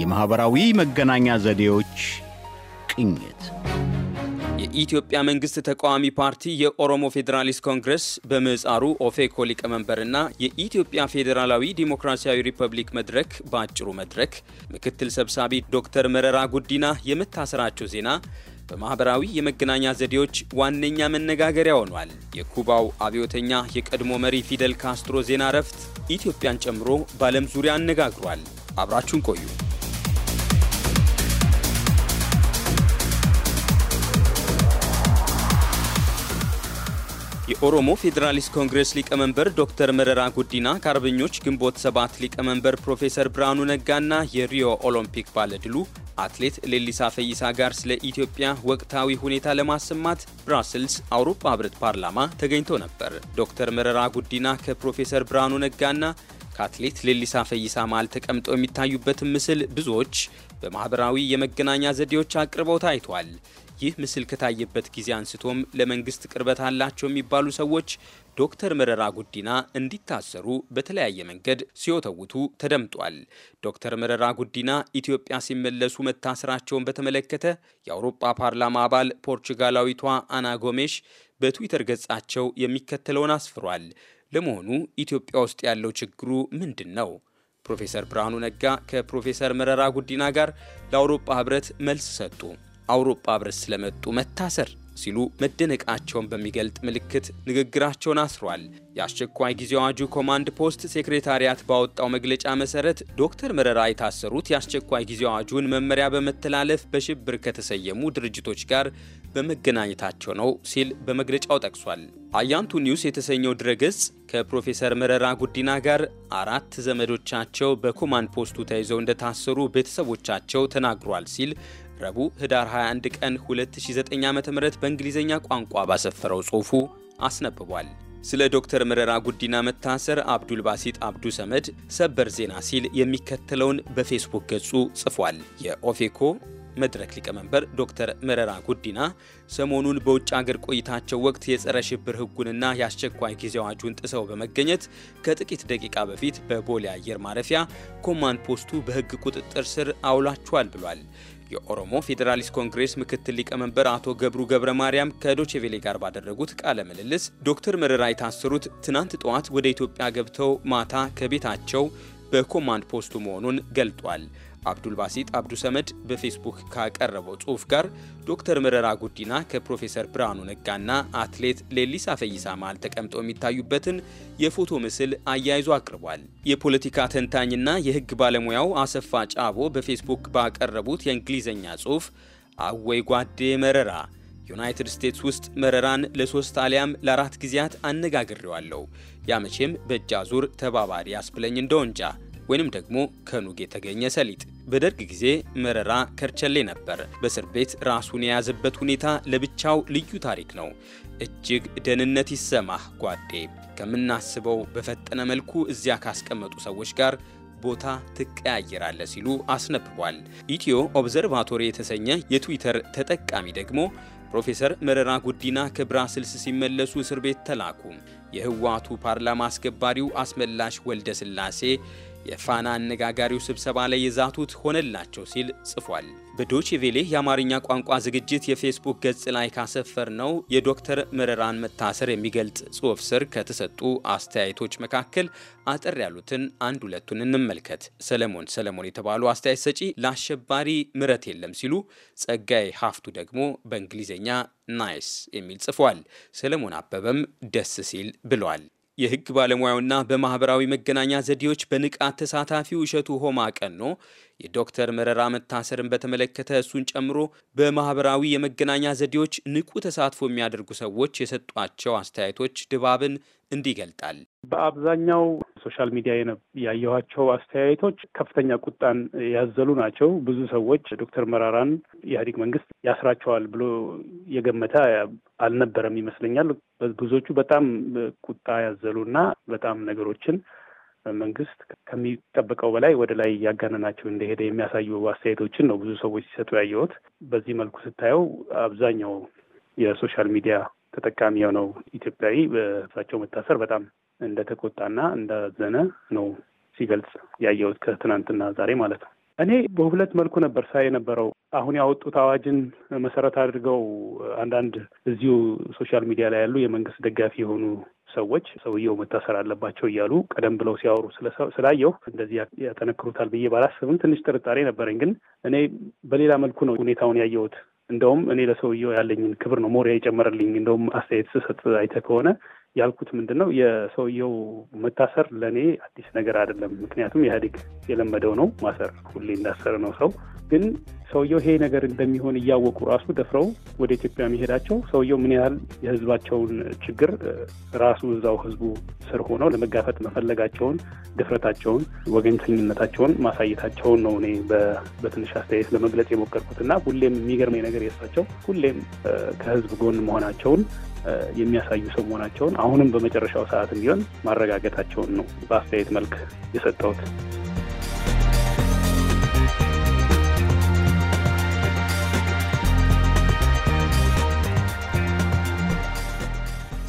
የማኅበራዊ መገናኛ ዘዴዎች ቅኝት። የኢትዮጵያ መንግሥት ተቃዋሚ ፓርቲ የኦሮሞ ፌዴራሊስት ኮንግረስ በምዕጻሩ ኦፌኮ ሊቀመንበርና የኢትዮጵያ ፌዴራላዊ ዲሞክራሲያዊ ሪፐብሊክ መድረክ በአጭሩ መድረክ ምክትል ሰብሳቢ ዶክተር መረራ ጉዲና የመታሰራቸው ዜና በማኅበራዊ የመገናኛ ዘዴዎች ዋነኛ መነጋገሪያ ሆኗል። የኩባው አብዮተኛ የቀድሞ መሪ ፊደል ካስትሮ ዜና እረፍት ኢትዮጵያን ጨምሮ በዓለም ዙሪያ አነጋግሯል። አብራችሁን ቆዩ። የኦሮሞ ፌዴራሊስት ኮንግሬስ ሊቀመንበር ዶክተር መረራ ጉዲና ከአርበኞች ግንቦት ሰባት ሊቀመንበር ፕሮፌሰር ብርሃኑ ነጋና የሪዮ ኦሎምፒክ ባለድሉ አትሌት ሌሊሳ ፈይሳ ጋር ስለ ኢትዮጵያ ወቅታዊ ሁኔታ ለማሰማት ብራስልስ አውሮፓ ህብረት ፓርላማ ተገኝቶ ነበር። ዶክተር መረራ ጉዲና ከፕሮፌሰር ብርሃኑ ነጋና ከአትሌት ሌሊሳ ፈይሳ መሃል ተቀምጠው የሚታዩበትን ምስል ብዙዎች በማኅበራዊ የመገናኛ ዘዴዎች አቅርበው ታይቷል። ይህ ምስል ከታየበት ጊዜ አንስቶም ለመንግስት ቅርበት አላቸው የሚባሉ ሰዎች ዶክተር መረራ ጉዲና እንዲታሰሩ በተለያየ መንገድ ሲወተውቱ ተደምጧል። ዶክተር መረራ ጉዲና ኢትዮጵያ ሲመለሱ መታሰራቸውን በተመለከተ የአውሮፓ ፓርላማ አባል ፖርቹጋላዊቷ አና ጎሜሽ በትዊተር ገጻቸው የሚከተለውን አስፍሯል። ለመሆኑ ኢትዮጵያ ውስጥ ያለው ችግሩ ምንድን ነው? ፕሮፌሰር ብርሃኑ ነጋ ከፕሮፌሰር መረራ ጉዲና ጋር ለአውሮፓ ህብረት መልስ ሰጡ። አውሮፓ ህብረት ስለመጡ መታሰር ሲሉ መደነቃቸውን በሚገልጥ ምልክት ንግግራቸውን አስሯል። የአስቸኳይ ጊዜ አዋጁ ኮማንድ ፖስት ሴክሬታሪያት ባወጣው መግለጫ መሰረት ዶክተር መረራ የታሰሩት የአስቸኳይ ጊዜ አዋጁን መመሪያ በመተላለፍ በሽብር ከተሰየሙ ድርጅቶች ጋር በመገናኘታቸው ነው ሲል በመግለጫው ጠቅሷል። አያንቱ ኒውስ የተሰኘው ድረገጽ ከፕሮፌሰር መረራ ጉዲና ጋር አራት ዘመዶቻቸው በኮማንድ ፖስቱ ተይዘው እንደታሰሩ ቤተሰቦቻቸው ተናግሯል ሲል ረቡዕ ህዳር 21 ቀን 2009 ዓ.ም በእንግሊዝኛ ቋንቋ ባሰፈረው ጽሑፉ አስነብቧል። ስለ ዶክተር መረራ ጉዲና መታሰር አብዱል ባሲጥ አብዱ ሰመድ ሰበር ዜና ሲል የሚከተለውን በፌስቡክ ገጹ ጽፏል። የኦፌኮ መድረክ ሊቀመንበር ዶክተር መረራ ጉዲና ሰሞኑን በውጭ አገር ቆይታቸው ወቅት የጸረ ሽብር ህጉንና የአስቸኳይ ጊዜ አዋጁን ጥሰው በመገኘት ከጥቂት ደቂቃ በፊት በቦሌ አየር ማረፊያ ኮማንድ ፖስቱ በህግ ቁጥጥር ስር አውሏቸዋል ብሏል። የኦሮሞ ፌዴራሊስት ኮንግሬስ ምክትል ሊቀመንበር አቶ ገብሩ ገብረ ማርያም ከዶቼቬሌ ጋር ባደረጉት ቃለ ምልልስ ዶክተር መረራ የታሰሩት ትናንት ጠዋት ወደ ኢትዮጵያ ገብተው ማታ ከቤታቸው በኮማንድ ፖስቱ መሆኑን ገልጧል። አብዱልባሲጥ አብዱ ሰመድ በፌስቡክ ካቀረበው ጽሑፍ ጋር ዶክተር መረራ ጉዲና ከፕሮፌሰር ብርሃኑ ነጋና አትሌት ሌሊሳ ፈይሳ መሃል ተቀምጠው የሚታዩበትን የፎቶ ምስል አያይዞ አቅርቧል። የፖለቲካ ተንታኝና የሕግ ባለሙያው አሰፋ ጫቦ በፌስቡክ ባቀረቡት የእንግሊዝኛ ጽሑፍ አወይ ጓዴ መረራ ዩናይትድ ስቴትስ ውስጥ መረራን ለሶስት አሊያም ለአራት ጊዜያት አነጋግሬዋለሁ። ያ መቼም በእጅ አዙር ተባባሪ አስብለኝ እንደወንጫ ወይንም ደግሞ ከኑግ የተገኘ ሰሊጥ በደርግ ጊዜ መረራ ከርቸሌ ነበር። በእስር ቤት ራሱን የያዘበት ሁኔታ ለብቻው ልዩ ታሪክ ነው። እጅግ ደህንነት ይሰማህ ጓዴ። ከምናስበው በፈጠነ መልኩ እዚያ ካስቀመጡ ሰዎች ጋር ቦታ ትቀያየራለ ሲሉ አስነብቧል። ኢትዮ ኦብዘርቫቶሪ የተሰኘ የትዊተር ተጠቃሚ ደግሞ ፕሮፌሰር መረራ ጉዲና ከብራስልስ ሲመለሱ እስር ቤት ተላኩ። የህወሓቱ ፓርላማ አስከባሪው አስመላሽ ወልደ ስላሴ የፋና አነጋጋሪው ስብሰባ ላይ የዛቱት ሆነላቸው ሲል ጽፏል። በዶቼ ቬሌ የአማርኛ ቋንቋ ዝግጅት የፌስቡክ ገጽ ላይ ካሰፈር ነው የዶክተር መረራን መታሰር የሚገልጽ ጽሑፍ ስር ከተሰጡ አስተያየቶች መካከል አጠር ያሉትን አንድ ሁለቱን እንመልከት። ሰለሞን ሰለሞን የተባሉ አስተያየት ሰጪ ለአሸባሪ ምረት የለም ሲሉ፣ ጸጋይ ሀፍቱ ደግሞ በእንግሊዝኛ ናይስ የሚል ጽፏል። ሰለሞን አበበም ደስ ሲል ብሏል። የህግ ባለሙያውና በማህበራዊ መገናኛ ዘዴዎች በንቃት ተሳታፊው እሸቱ ሆማ ቀኖ የዶክተር መረራ መታሰርን በተመለከተ እሱን ጨምሮ በማህበራዊ የመገናኛ ዘዴዎች ንቁ ተሳትፎ የሚያደርጉ ሰዎች የሰጧቸው አስተያየቶች ድባብን እንዲህ ይገልጣል። በአብዛኛው ሶሻል ሚዲያ ያየኋቸው አስተያየቶች ከፍተኛ ቁጣን ያዘሉ ናቸው። ብዙ ሰዎች ዶክተር መራራን ኢህአዴግ መንግስት ያስራቸዋል ብሎ የገመተ አልነበረም ይመስለኛል። ብዙዎቹ በጣም ቁጣ ያዘሉ እና በጣም ነገሮችን መንግስት ከሚጠበቀው በላይ ወደ ላይ እያጋነናቸው እንደሄደ የሚያሳዩ አስተያየቶችን ነው ብዙ ሰዎች ሲሰጡ ያየሁት። በዚህ መልኩ ስታየው አብዛኛው የሶሻል ሚዲያ ተጠቃሚ የሆነው ኢትዮጵያዊ በእሳቸው መታሰር በጣም እንደተቆጣና እንዳዘነ ነው ሲገልጽ ያየሁት ከትናንትና ዛሬ ማለት ነው። እኔ በሁለት መልኩ ነበር ሳይ የነበረው። አሁን ያወጡት አዋጅን መሰረት አድርገው አንዳንድ እዚሁ ሶሻል ሚዲያ ላይ ያሉ የመንግስት ደጋፊ የሆኑ ሰዎች ሰውየው መታሰር አለባቸው እያሉ ቀደም ብለው ሲያወሩ ስላየሁ እንደዚህ ያጠነክሩታል ብዬ ባላስብም ትንሽ ጥርጣሬ ነበረኝ። ግን እኔ በሌላ መልኩ ነው ሁኔታውን ያየሁት። እንደውም እኔ ለሰውየው ያለኝን ክብር ነው ሞሪያ የጨመረልኝ። እንደውም አስተያየት ስሰጥ አይተህ ከሆነ ያልኩት ምንድን ነው የሰውየው መታሰር ለእኔ አዲስ ነገር አይደለም። ምክንያቱም ኢህአዴግ የለመደው ነው ማሰር፣ ሁሌ እንዳሰረ ነው ሰው። ግን ሰውየው ይሄ ነገር እንደሚሆን እያወቁ ራሱ ደፍረው ወደ ኢትዮጵያ መሄዳቸው ሰውየው ምን ያህል የህዝባቸውን ችግር ራሱ እዛው ህዝቡ ስር ሆነው ለመጋፈጥ መፈለጋቸውን፣ ድፍረታቸውን፣ ወገኝተኝነታቸውን ማሳየታቸውን ነው እኔ በትንሽ አስተያየት ለመግለጽ የሞከርኩት እና ሁሌም የሚገርመኝ ነገር የሳቸው ሁሌም ከህዝብ ጎን መሆናቸውን የሚያሳዩ ሰው መሆናቸውን አሁንም በመጨረሻው ሰዓትም ቢሆን ማረጋገጣቸውን ነው በአስተያየት መልክ የሰጠሁት።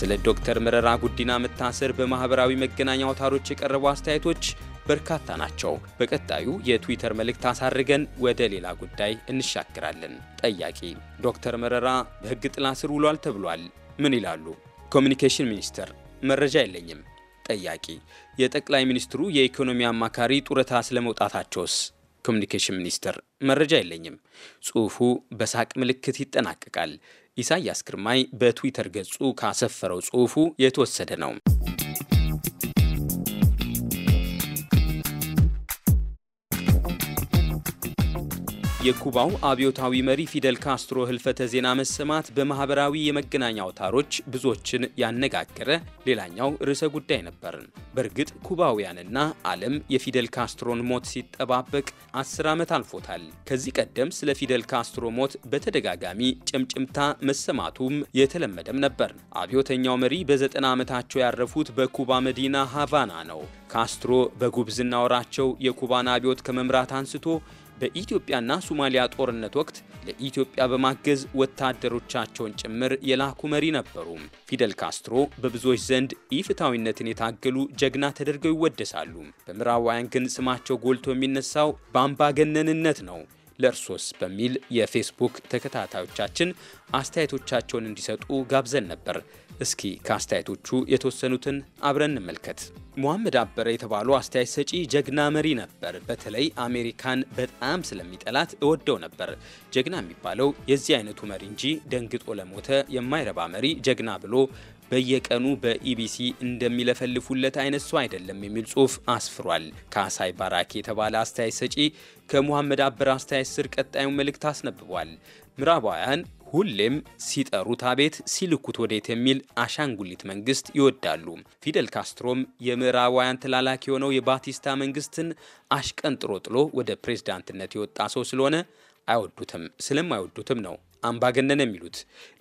ስለ ዶክተር መረራ ጉዲና መታሰር በማኅበራዊ መገናኛ አውታሮች የቀረቡ አስተያየቶች በርካታ ናቸው። በቀጣዩ የትዊተር መልእክት አሳርገን ወደ ሌላ ጉዳይ እንሻግራለን። ጠያቂ ዶክተር መረራ በሕግ ጥላ ስር ውሏል ተብሏል። ምን ይላሉ? ኮሚኒኬሽን ሚኒስቴር መረጃ የለኝም። ጠያቂ የጠቅላይ ሚኒስትሩ የኢኮኖሚ አማካሪ ጡረታ ስለመውጣታቸውስ? ኮሚኒኬሽን ሚኒስቴር መረጃ የለኝም። ጽሑፉ በሳቅ ምልክት ይጠናቀቃል። ኢሳያስ ግርማይ በትዊተር ገጹ ካሰፈረው ጽሑፉ የተወሰደ ነው። የኩባው አብዮታዊ መሪ ፊደል ካስትሮ ህልፈተ ዜና መሰማት በማህበራዊ የመገናኛ አውታሮች ብዙዎችን ያነጋገረ ሌላኛው ርዕሰ ጉዳይ ነበርን። በእርግጥ ኩባውያንና ዓለም የፊደል ካስትሮን ሞት ሲጠባበቅ አስር ዓመት አልፎታል። ከዚህ ቀደም ስለ ፊደል ካስትሮ ሞት በተደጋጋሚ ጭምጭምታ መሰማቱም የተለመደም ነበር። አብዮተኛው መሪ በዘጠና ዓመታቸው ያረፉት በኩባ መዲና ሃቫና ነው። ካስትሮ በጉብዝና ወራቸው የኩባን አብዮት ከመምራት አንስቶ በኢትዮጵያና ሶማሊያ ጦርነት ወቅት ለኢትዮጵያ በማገዝ ወታደሮቻቸውን ጭምር የላኩ መሪ ነበሩ። ፊደል ካስትሮ በብዙዎች ዘንድ ኢፍታዊነትን የታገሉ ጀግና ተደርገው ይወደሳሉ። በምዕራባውያን ግን ስማቸው ጎልቶ የሚነሳው በአምባገነንነት ነው። ለእርሶስ በሚል የፌስቡክ ተከታታዮቻችን አስተያየቶቻቸውን እንዲሰጡ ጋብዘን ነበር። እስኪ ከአስተያየቶቹ የተወሰኑትን አብረን እንመልከት። ሙሐመድ አበረ የተባሉ አስተያየት ሰጪ ጀግና መሪ ነበር። በተለይ አሜሪካን በጣም ስለሚጠላት እወደው ነበር። ጀግና የሚባለው የዚህ አይነቱ መሪ እንጂ ደንግጦ ለሞተ የማይረባ መሪ ጀግና ብሎ በየቀኑ በኢቢሲ እንደሚለፈልፉለት አይነት ሰው አይደለም የሚል ጽሑፍ አስፍሯል። ከአሳይ ባራኪ የተባለ አስተያየት ሰጪ ከሙሐመድ አበረ አስተያየት ስር ቀጣዩን መልእክት አስነብቧል። ምዕራባውያን ሁሌም ሲጠሩት አቤት ሲልኩት ወዴት የሚል አሻንጉሊት መንግስት ይወዳሉ። ፊደል ካስትሮም የምዕራባውያን ተላላኪ የሆነው የባቲስታ መንግስትን አሽቀንጥሮ ጥሎ ወደ ፕሬዝዳንትነት የወጣ ሰው ስለሆነ አይወዱትም። ስለማይወዱትም ነው አምባገነን የሚሉት።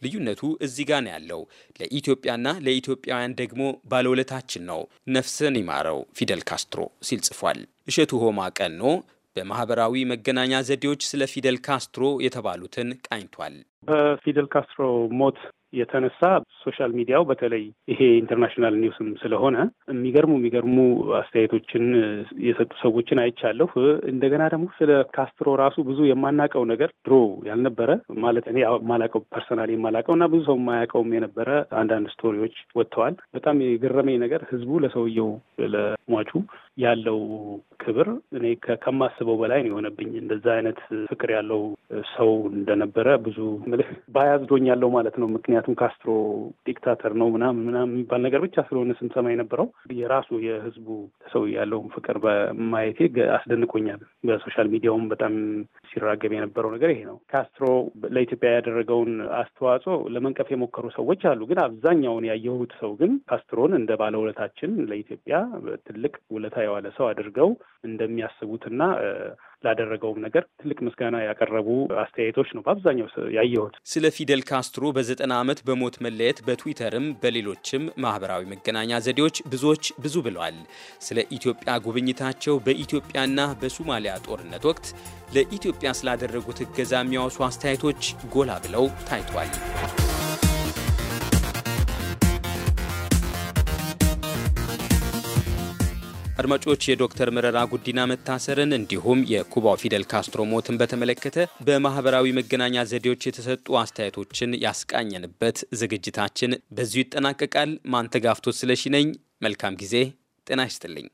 ልዩነቱ እዚህ ጋር ነው ያለው። ለኢትዮጵያና ለኢትዮጵያውያን ደግሞ ባለውለታችን ነው፣ ነፍስን ይማረው ፊደል ካስትሮ ሲል ጽፏል። እሸቱ ሆማ ቀኖ በማህበራዊ መገናኛ ዘዴዎች ስለ ፊደል ካስትሮ የተባሉትን ቃኝቷል። በፊደል ካስትሮ ሞት የተነሳ ሶሻል ሚዲያው በተለይ ይሄ ኢንተርናሽናል ኒውስም ስለሆነ የሚገርሙ የሚገርሙ አስተያየቶችን የሰጡ ሰዎችን አይቻለሁ። እንደገና ደግሞ ስለ ካስትሮ ራሱ ብዙ የማናቀው ነገር ድሮ ያልነበረ ማለት እኔ የማላውቀው ፐርሰናል የማላቀው እና ብዙ ሰው የማያውቀውም የነበረ አንዳንድ ስቶሪዎች ወጥተዋል። በጣም የገረመኝ ነገር ህዝቡ ለሰውየው ለሟቹ ያለው ክብር እኔ ከማስበው በላይ ነው የሆነብኝ። እንደዛ አይነት ፍቅር ያለው ሰው እንደነበረ ብዙ ምልህ ያለው ማለት ነው። ምክንያቱም ካስትሮ ዲክታተር ነው ምናምን ምናምን የሚባል ነገር ብቻ ስለሆነ ስንሰማ የነበረው የራሱ የህዝቡ ሰው ያለውን ፍቅር በማየቴ አስደንቆኛል። በሶሻል ሚዲያውም በጣም ሲራገብ የነበረው ነገር ይሄ ነው። ካስትሮ ለኢትዮጵያ ያደረገውን አስተዋጽኦ ለመንቀፍ የሞከሩ ሰዎች አሉ። ግን አብዛኛውን ያየሁት ሰው ግን ካስትሮን እንደ ባለውለታችን ለኢትዮጵያ ትልቅ ውለታ የዋለ ሰው አድርገው እንደሚያስቡትና ላደረገውም ነገር ትልቅ ምስጋና ያቀረቡ አስተያየቶች ነው በአብዛኛው ያየሁት። ስለ ፊደል ካስትሮ በዘጠና ዓመት በሞት መለየት በትዊተርም በሌሎችም ማህበራዊ መገናኛ ዘዴዎች ብዙዎች ብዙ ብለዋል። ስለ ኢትዮጵያ ጉብኝታቸው፣ በኢትዮጵያና በሶማሊያ ጦርነት ወቅት ለኢትዮጵያ ስላደረጉት እገዛ የሚያወሱ አስተያየቶች ጎላ ብለው ታይቷል። አድማጮች የዶክተር መረራ ጉዲና መታሰርን እንዲሁም የኩባው ፊደል ካስትሮ ሞትን በተመለከተ በማህበራዊ መገናኛ ዘዴዎች የተሰጡ አስተያየቶችን ያስቃኘንበት ዝግጅታችን በዚሁ ይጠናቀቃል። ማንተጋፍቶት ስለሺ ነኝ። መልካም ጊዜ። ጤና ይስጥልኝ።